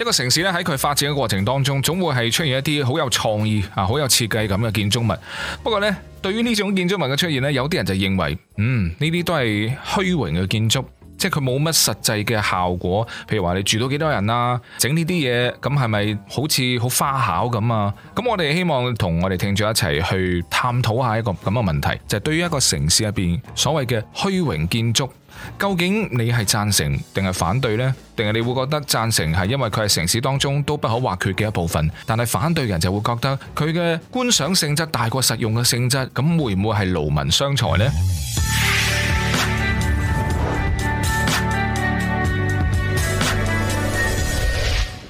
一個城市咧，喺佢發展嘅過程當中，總會係出現一啲好有創意啊、好有設計感嘅建築物。不過呢，對於呢種建築物嘅出現呢，有啲人就認為，嗯，呢啲都係虛榮嘅建築，即係佢冇乜實際嘅效果。譬如話你住到幾多人啊，整呢啲嘢，咁係咪好似好花巧咁啊？咁我哋希望同我哋聽眾一齊去探討下一個咁嘅問題，就係對於一個城市入邊所謂嘅虛榮建築。究竟你係贊成定係反對呢？定係你會覺得贊成係因為佢係城市當中都不可或缺嘅一部分，但係反對人就會覺得佢嘅觀賞性質大過實用嘅性質，咁會唔會係勞民傷財呢？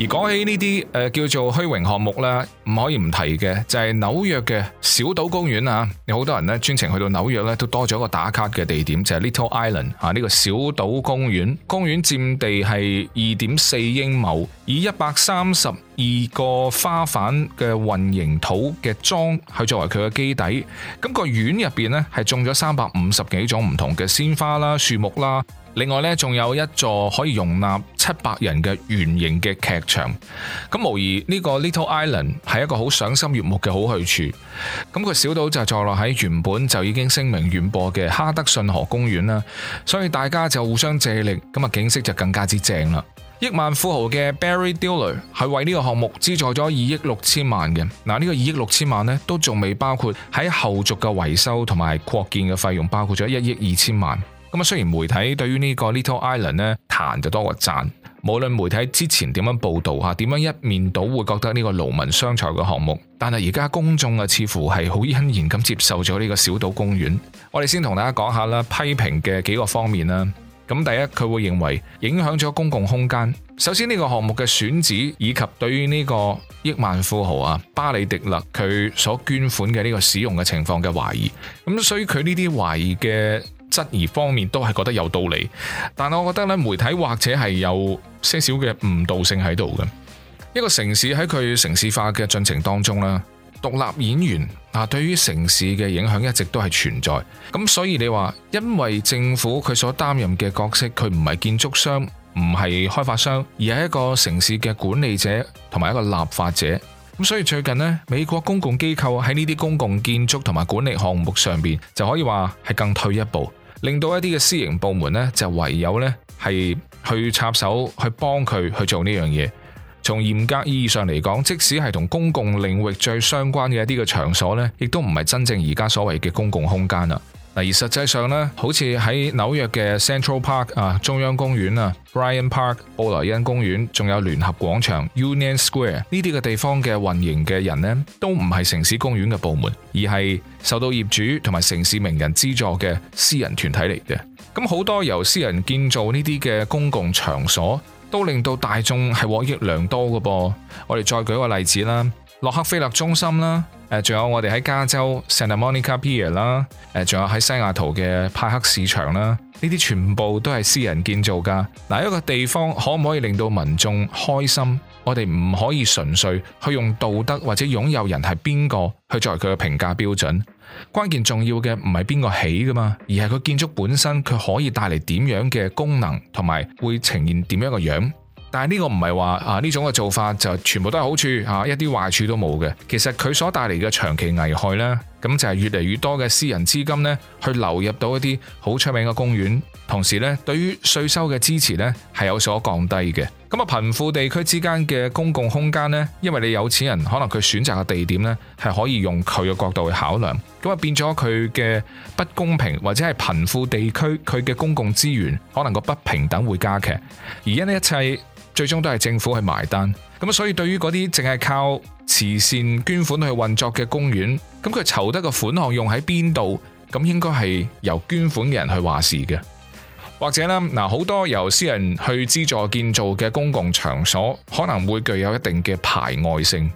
而講起呢啲誒叫做虛榮項目咧，唔可以唔提嘅就係紐約嘅小島公園啊！有好多人咧，專程去到紐約咧，都多咗一個打卡嘅地點，就係 Little Island 啊！呢個小島公園公園佔地係二點四英畝，以一百三十二個花瓣嘅混凝土嘅樁去作為佢嘅基底，咁、那個園入邊呢，係種咗三百五十幾種唔同嘅鮮花啦、樹木啦，另外呢，仲有一座可以容納七百人嘅圓形嘅劇場。咁無疑呢、這個 Little Island 係一個好賞心悅目嘅好去處，咁、那個小島就坐落喺原本就已經聲名遠播嘅哈德遜河公園啦，所以大家就互相借力，咁、那、啊、個、景色就更加之正啦。億萬富豪嘅 Barry Diller 係為呢個項目資助咗二億六千萬嘅，嗱、這、呢個二億六千萬呢都仲未包括喺後續嘅維修同埋擴建嘅費用，包括咗一億二千萬。咁啊，雖然媒體對於呢個 Little Island 呢彈就多過讚，無論媒體之前點樣報導吓，點樣一面倒會覺得呢個勞民傷財嘅項目，但係而家公眾啊，似乎係好欣然咁接受咗呢個小島公園。我哋先同大家講下啦，批評嘅幾個方面啦。咁第一，佢會認為影響咗公共空間。首先呢個項目嘅選址，以及對於呢個億萬富豪啊巴里迪勒佢所捐款嘅呢個使用嘅情況嘅懷疑。咁所以佢呢啲懷疑嘅質疑方面都係覺得有道理。但我覺得呢媒體或者係有些少嘅誤導性喺度嘅。一個城市喺佢城市化嘅進程當中啦。獨立演員啊，對於城市嘅影響一直都係存在。咁所以你話，因為政府佢所擔任嘅角色，佢唔係建築商，唔係開發商，而係一個城市嘅管理者同埋一個立法者。咁所以最近呢，美國公共機構喺呢啲公共建築同埋管理項目上面就可以話係更退一步，令到一啲嘅私營部門呢，就唯有呢係去插手去幫佢去做呢樣嘢。從嚴格意義上嚟講，即使係同公共領域最相關嘅一啲嘅場所，呢亦都唔係真正而家所謂嘅公共空間啦。嗱，而實際上，呢好似喺紐約嘅 Central Park 啊、中央公園啊、Bryan Park、布萊恩公園，仲有聯合廣場 Union Square 呢啲嘅地方嘅運營嘅人，呢都唔係城市公園嘅部門，而係受到業主同埋城市名人資助嘅私人團體嚟嘅。咁好多由私人建造呢啲嘅公共場所，都令到大眾係獲益良多噶噃，我哋再舉個例子啦，洛克菲勒中心啦，誒，仲有我哋喺加州 Santa Monica Pier 啦，誒，仲有喺西雅圖嘅派克市場啦，呢啲全部都係私人建造噶。嗱，一個地方可唔可以令到民眾開心，我哋唔可以純粹去用道德或者擁有人係邊個去作為佢嘅評價標準。關鍵重要嘅唔係邊個起噶嘛，而係佢建築本身佢可以帶嚟點樣嘅功能，同埋會呈現點樣個樣。但係呢個唔係話啊呢種嘅做法就全部都係好處啊，一啲壞處都冇嘅。其實佢所帶嚟嘅長期危害呢。咁就係越嚟越多嘅私人資金呢，去流入到一啲好出名嘅公園，同時呢，對於稅收嘅支持呢，係有所降低嘅。咁啊，貧富地區之間嘅公共空間呢，因為你有錢人可能佢選擇嘅地點呢，係可以用佢嘅角度去考量，咁啊變咗佢嘅不公平或者係貧富地區佢嘅公共資源可能個不平等會加劇，而因呢一切最終都係政府去埋單。咁所以對於嗰啲淨係靠慈善捐款去運作嘅公園。咁佢籌得嘅款項用喺邊度？咁應該係由捐款嘅人去話事嘅，或者啦，嗱，好多由私人去資助建造嘅公共場所，可能會具有一定嘅排外性，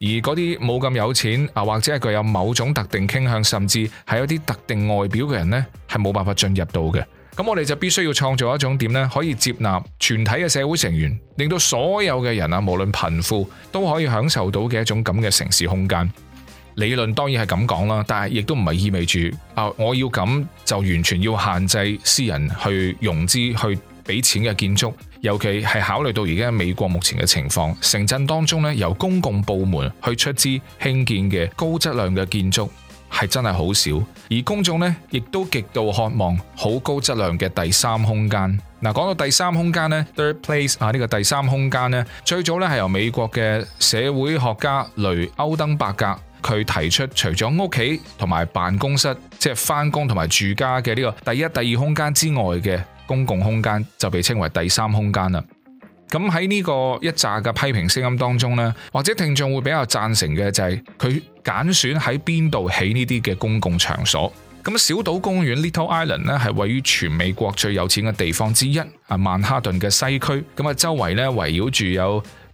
而嗰啲冇咁有錢啊，或者係具有某種特定傾向，甚至係有啲特定外表嘅人呢，係冇辦法進入到嘅。咁我哋就必須要創造一種點呢，可以接納全體嘅社會成員，令到所有嘅人啊，無論貧富都可以享受到嘅一種咁嘅城市空間。理論當然係咁講啦，但係亦都唔係意味住啊，我要咁就完全要限制私人去融資去俾錢嘅建築。尤其係考慮到而家美國目前嘅情況，城鎮當中呢，由公共部門去出資興建嘅高質量嘅建築係真係好少，而公眾呢亦都極度渴望好高質量嘅第三空間。嗱，講到第三空間呢，third place 啊，呢個第三空間呢，最早呢係由美國嘅社會學家雷歐登伯格。佢提出除咗屋企同埋辦公室，即係返工同埋住家嘅呢個第一、第二空間之外嘅公共空間，就被稱為第三空間啦。咁喺呢個一紮嘅批評聲音當中呢，或者聽眾會比較贊成嘅就係佢揀選喺邊度起呢啲嘅公共場所。咁小島公園 Little Island 呢，係位於全美國最有錢嘅地方之一啊，曼哈頓嘅西區。咁啊，周圍呢，圍繞住有。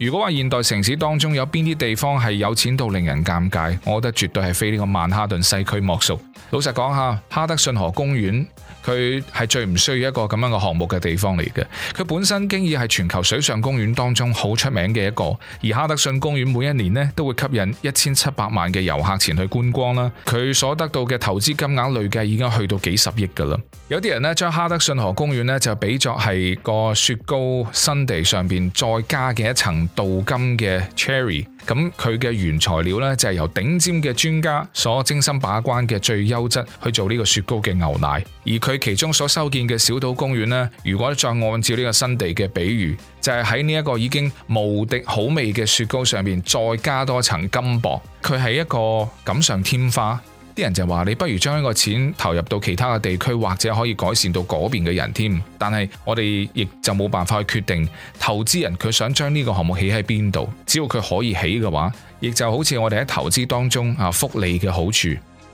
如果話現代城市當中有邊啲地方係有錢到令人尷尬，我覺得絕對係非呢個曼哈頓西區莫屬。老實講下，哈德遜河公園佢係最唔需要一個咁樣嘅項目嘅地方嚟嘅。佢本身經已係全球水上公園當中好出名嘅一個，而哈德遜公園每一年咧都會吸引一千七百萬嘅遊客前去觀光啦。佢所得到嘅投資金額累計已經去到幾十億噶啦。有啲人咧將哈德遜河公園咧就比作係個雪糕新地上邊再加嘅一層。鍍金嘅 Cherry，咁佢嘅原材料呢，就係由頂尖嘅專家所精心把關嘅最優質去做呢個雪糕嘅牛奶，而佢其中所修建嘅小島公園呢，如果再按照呢個新地嘅比喻，就係喺呢一個已經無敵好味嘅雪糕上面再加多層金箔，佢係一個錦上添花。啲人就話你不如將呢個錢投入到其他嘅地區，或者可以改善到嗰邊嘅人添。但係我哋亦就冇辦法去決定，投資人佢想將呢個項目起喺邊度，只要佢可以起嘅話，亦就好似我哋喺投資當中啊，複利嘅好處，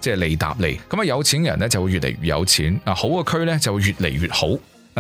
即係利搭利。咁啊，有錢人呢就會越嚟越有錢，好嘅區呢就會越嚟越好。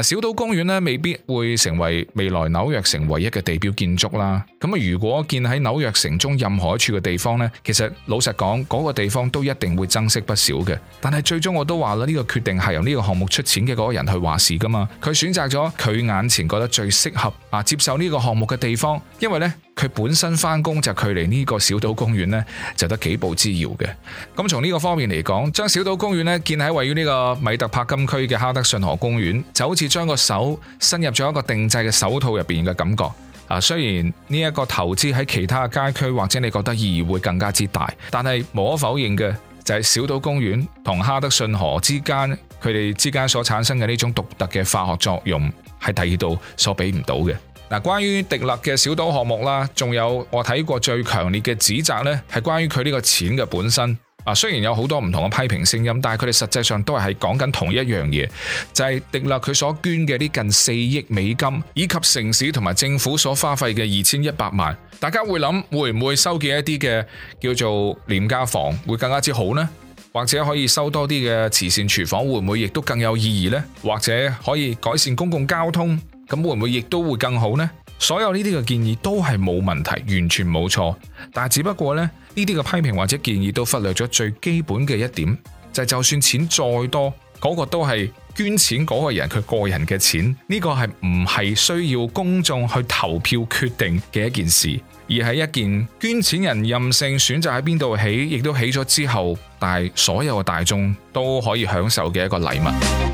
小島公園未必會成為未來紐約城唯一嘅地標建築啦。咁如果建喺紐約城中任何一處嘅地方呢，其實老實講，嗰、那個地方都一定會增色不少嘅。但係最終我都話啦呢、呢個決定係由呢個項目出錢嘅嗰個人去話事㗎嘛。佢選擇咗佢眼前覺得最適合啊接受呢個項目嘅地方，因為呢，佢本身翻工，就距離呢個小島公園呢，就得幾步之遙嘅，咁從呢個方面嚟講，將小島公園呢，建喺位於呢個米特帕金區嘅哈德遜河公園，就好似將個手伸入咗一個定制嘅手套入邊嘅感覺。啊，雖然呢一個投資喺其他嘅街區或者你覺得意義會更加之大，但係無可否認嘅就係、是、小島公園同哈德遜河之間佢哋之間所產生嘅呢種獨特嘅化學作用係第二度所比唔到嘅。關於迪勒嘅小島項目啦，仲有我睇過最強烈嘅指責呢，係關於佢呢個錢嘅本身。啊，雖然有好多唔同嘅批評聲音，但係佢哋實際上都係講緊同一樣嘢，就係迪勒佢所捐嘅呢近四億美金，以及城市同埋政府所花費嘅二千一百萬，大家會諗會唔會修建一啲嘅叫做廉價房會更加之好呢？或者可以收多啲嘅慈善廚房會唔會亦都更有意義呢？或者可以改善公共交通？咁會唔會亦都會更好呢？所有呢啲嘅建議都係冇問題，完全冇錯。但只不過呢呢啲嘅批評或者建議都忽略咗最基本嘅一點，就係就算錢再多，嗰個都係捐錢嗰個人佢個人嘅錢，呢個係唔係需要公眾去投票決定嘅一件事，而係一件捐錢人任性選擇喺邊度起，亦都起咗之後，但所有嘅大眾都可以享受嘅一個禮物。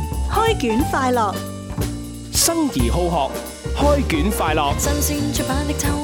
開卷快樂，生而好學，開卷快樂。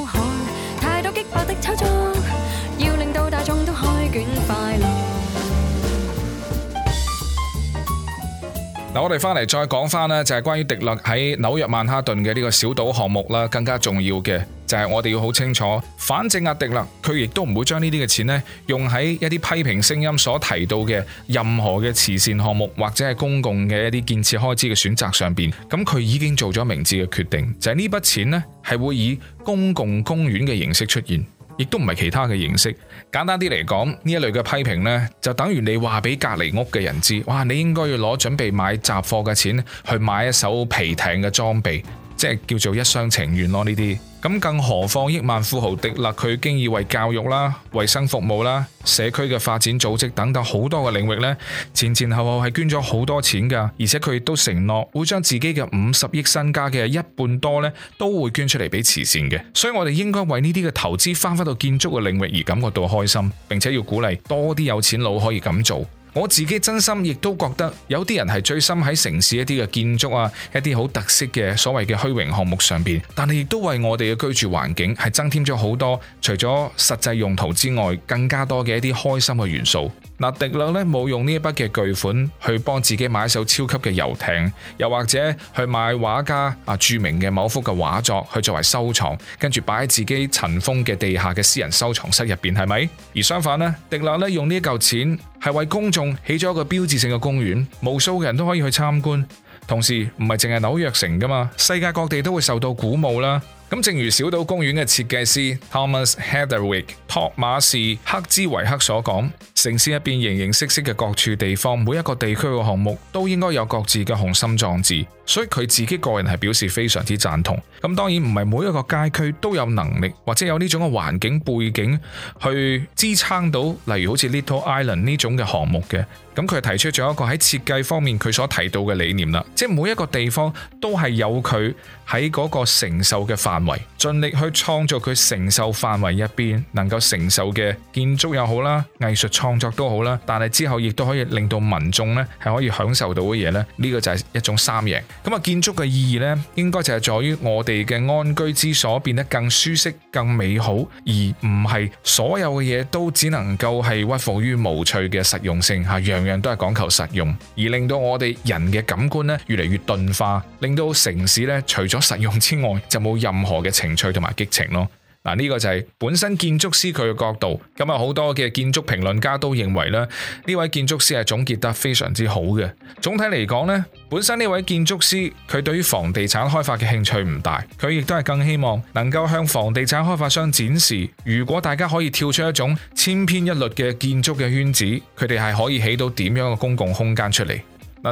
我哋翻嚟再講翻啦，就係關於迪勒喺紐約曼哈頓嘅呢個小島項目啦。更加重要嘅就係我哋要好清楚，反正阿、啊、迪勒佢亦都唔會將呢啲嘅錢呢用喺一啲批評聲音所提到嘅任何嘅慈善項目或者係公共嘅一啲建設開支嘅選擇上邊。咁佢已經做咗明智嘅決定，就係呢筆錢呢係會以公共公園嘅形式出現。亦都唔係其他嘅形式，簡單啲嚟講，呢一類嘅批評呢，就等於你話俾隔離屋嘅人知，哇！你應該要攞準備買雜貨嘅錢去買一手皮艇嘅裝備。即係叫做一廂情願咯，呢啲咁，更何況億萬富豪迪勒佢經已為教育啦、衞生服務啦、社區嘅發展組織等等好多嘅領域呢，前前後後係捐咗好多錢噶，而且佢亦都承諾會將自己嘅五十億身家嘅一半多呢，都會捐出嚟俾慈善嘅。所以我哋應該為呢啲嘅投資翻返到建築嘅領域而感覺到開心，並且要鼓勵多啲有錢佬可以咁做。我自己真心亦都覺得有啲人係醉心喺城市一啲嘅建築啊，一啲好特色嘅所謂嘅虛榮項目上邊，但係亦都為我哋嘅居住環境係增添咗好多除咗實際用途之外，更加多嘅一啲開心嘅元素。迪勒咧冇用呢一筆嘅巨款去幫自己買一艘超級嘅遊艇，又或者去買畫家啊著名嘅某幅嘅畫作去作為收藏，跟住擺喺自己塵封嘅地下嘅私人收藏室入邊，係咪？而相反呢，迪勒咧用呢一嚿錢係為公眾起咗一個標誌性嘅公園，無數嘅人都可以去參觀。同時唔係淨係紐約城噶嘛，世界各地都會受到鼓舞啦。咁正如小島公園嘅設計師 Thomas Heatherwick 托馬士克茲維克所講，城市入邊形形色色嘅各處地方，每一個地區嘅項目都應該有各自嘅雄心壯志，所以佢自己個人係表示非常之贊同。咁當然唔係每一個街區都有能力或者有呢種嘅環境背景去支撐到，例如好似 Little Island 呢種嘅項目嘅。咁佢提出咗一個喺設計方面佢所提到嘅理念啦，即係每一個地方都係有佢喺嗰個承受嘅範圍，盡力去創造佢承受範圍入邊能夠承受嘅建築又好啦，藝術創作都好啦，但係之後亦都可以令到民眾咧係可以享受到嘅嘢咧，呢個就係一種三贏。咁啊，建築嘅意義咧，應該就係在於我哋嘅安居之所變得更舒適、更美好，而唔係所有嘅嘢都只能夠係屈服於無趣嘅實用性吓，樣樣都係講求實用，而令到我哋人嘅感官呢越嚟越鈍化，令到城市呢除咗實用之外，就冇任何嘅情趣同埋激情咯。嗱，呢個就係本身建築師佢嘅角度。今日好多嘅建築評論家都認為咧，呢位建築師係總結得非常之好嘅。總體嚟講呢，本身呢位建築師，佢對於房地產開發嘅興趣唔大，佢亦都係更希望能夠向房地產開發商展示，如果大家可以跳出一種千篇一律嘅建築嘅圈子，佢哋係可以起到點樣嘅公共空間出嚟。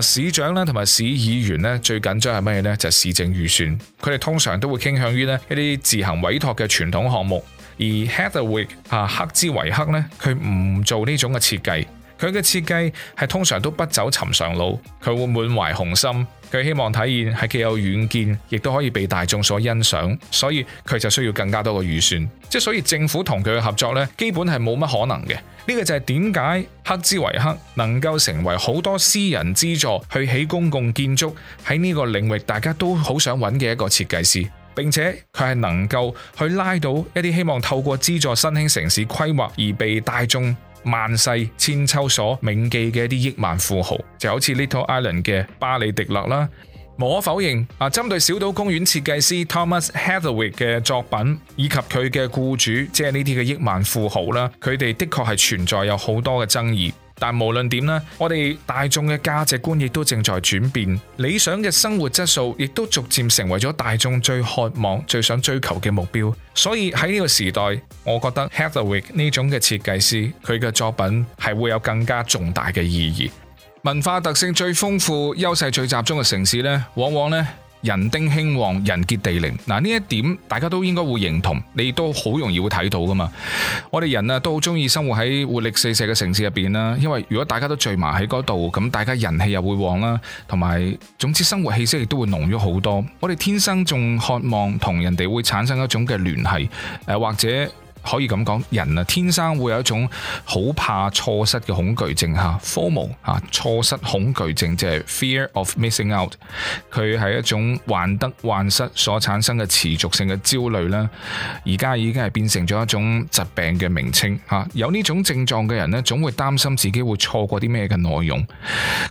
市長和同埋市議員咧最緊張係咩咧？就是、市政預算，佢哋通常都會傾向於一啲自行委託嘅傳統項目而 Heatherwick，赫茲維克，而 Heatherwick 啊，赫茲維克，佢唔做呢種嘅設計。佢嘅設計係通常都不走尋常路，佢會滿懷雄心，佢希望體現係既有遠見，亦都可以被大眾所欣賞，所以佢就需要更加多嘅預算，即係所以政府同佢嘅合作咧，基本係冇乜可能嘅。呢、這個就係點解黑茲維克能夠成為好多私人資助去起公共建築喺呢個領域，大家都好想揾嘅一個設計師，並且佢係能夠去拉到一啲希望透過資助新興城市規劃而被大眾萬世千秋所銘記嘅一啲億萬富豪，就好似 Little Island 嘅巴里迪勒啦。無可否認，啊針對小島公園設計師 Thomas Heatherwick 嘅作品以及佢嘅雇主，即係呢啲嘅億萬富豪啦，佢哋的確係存在有好多嘅爭議。但無論點呢，我哋大眾嘅價值觀亦都正在轉變，理想嘅生活質素亦都逐漸成為咗大眾最渴望、最想追求嘅目標。所以喺呢個時代，我覺得 Heatherwick 呢種嘅設計師，佢嘅作品係會有更加重大嘅意義。文化特性最豐富、優勢最集中嘅城市呢，往往呢。人丁興旺，人傑地靈。嗱，呢一點大家都應該會認同，你都好容易會睇到噶嘛。我哋人啊，都好中意生活喺活力四射嘅城市入邊啦。因為如果大家都聚埋喺嗰度，咁大家人氣又會旺啦，同埋總之生活氣息亦都會濃咗好多。我哋天生仲渴望同人哋會產生一種嘅聯繫，誒、呃、或者。可以咁講，人啊天生會有一種好怕錯失嘅恐懼症嚇，Formal 嚇錯失恐懼症，即係、就是、fear of missing out，佢係一種患得患失所產生嘅持續性嘅焦慮啦。而家已經係變成咗一種疾病嘅名稱嚇，有呢種症狀嘅人呢，總會擔心自己會錯過啲咩嘅內容。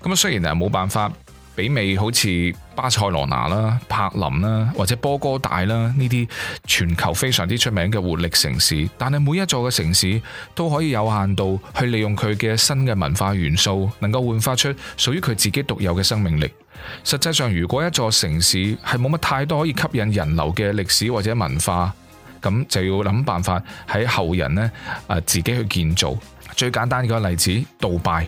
咁雖雖然啊冇辦法。比美好似巴塞羅那啦、柏林啦或者波哥大啦呢啲全球非常之出名嘅活力城市，但係每一座嘅城市都可以有限度去利用佢嘅新嘅文化元素，能夠煥發出屬於佢自己獨有嘅生命力。實際上，如果一座城市係冇乜太多可以吸引人流嘅歷史或者文化，咁就要諗辦法喺後人呢啊自己去建造。最簡單嘅例子，杜拜。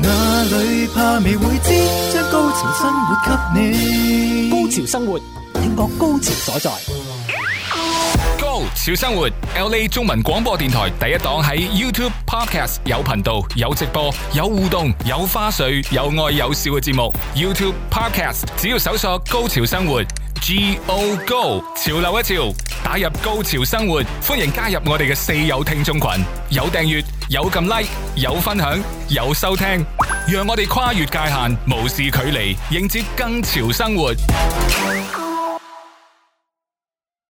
哪裏怕未會知？將高潮生活給你。高潮生活，聽我高潮所在。高潮生活，LA 中文廣播電台第一檔喺 YouTube Podcast 有頻道、有直播、有互動、有花絮、有愛有笑嘅節目。YouTube Podcast 只要搜索“高潮生活 ”，Go Go，潮流一潮，打入高潮生活。歡迎加入我哋嘅四友聽眾群，有訂閱。有㩒 like，有分享，有收聽，讓我哋跨越界限，無視距離，迎接更潮生活。